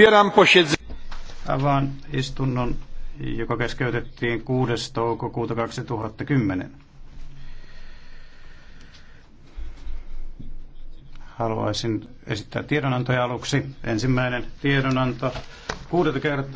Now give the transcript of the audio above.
Otwieram posiedzenie. Avaan istunnon, joka keskeytettiin 6. toukokuuta 2010. Haluaisin esittää tiedonantoja aluksi. Ensimmäinen tiedonanto kuudelta kertaa.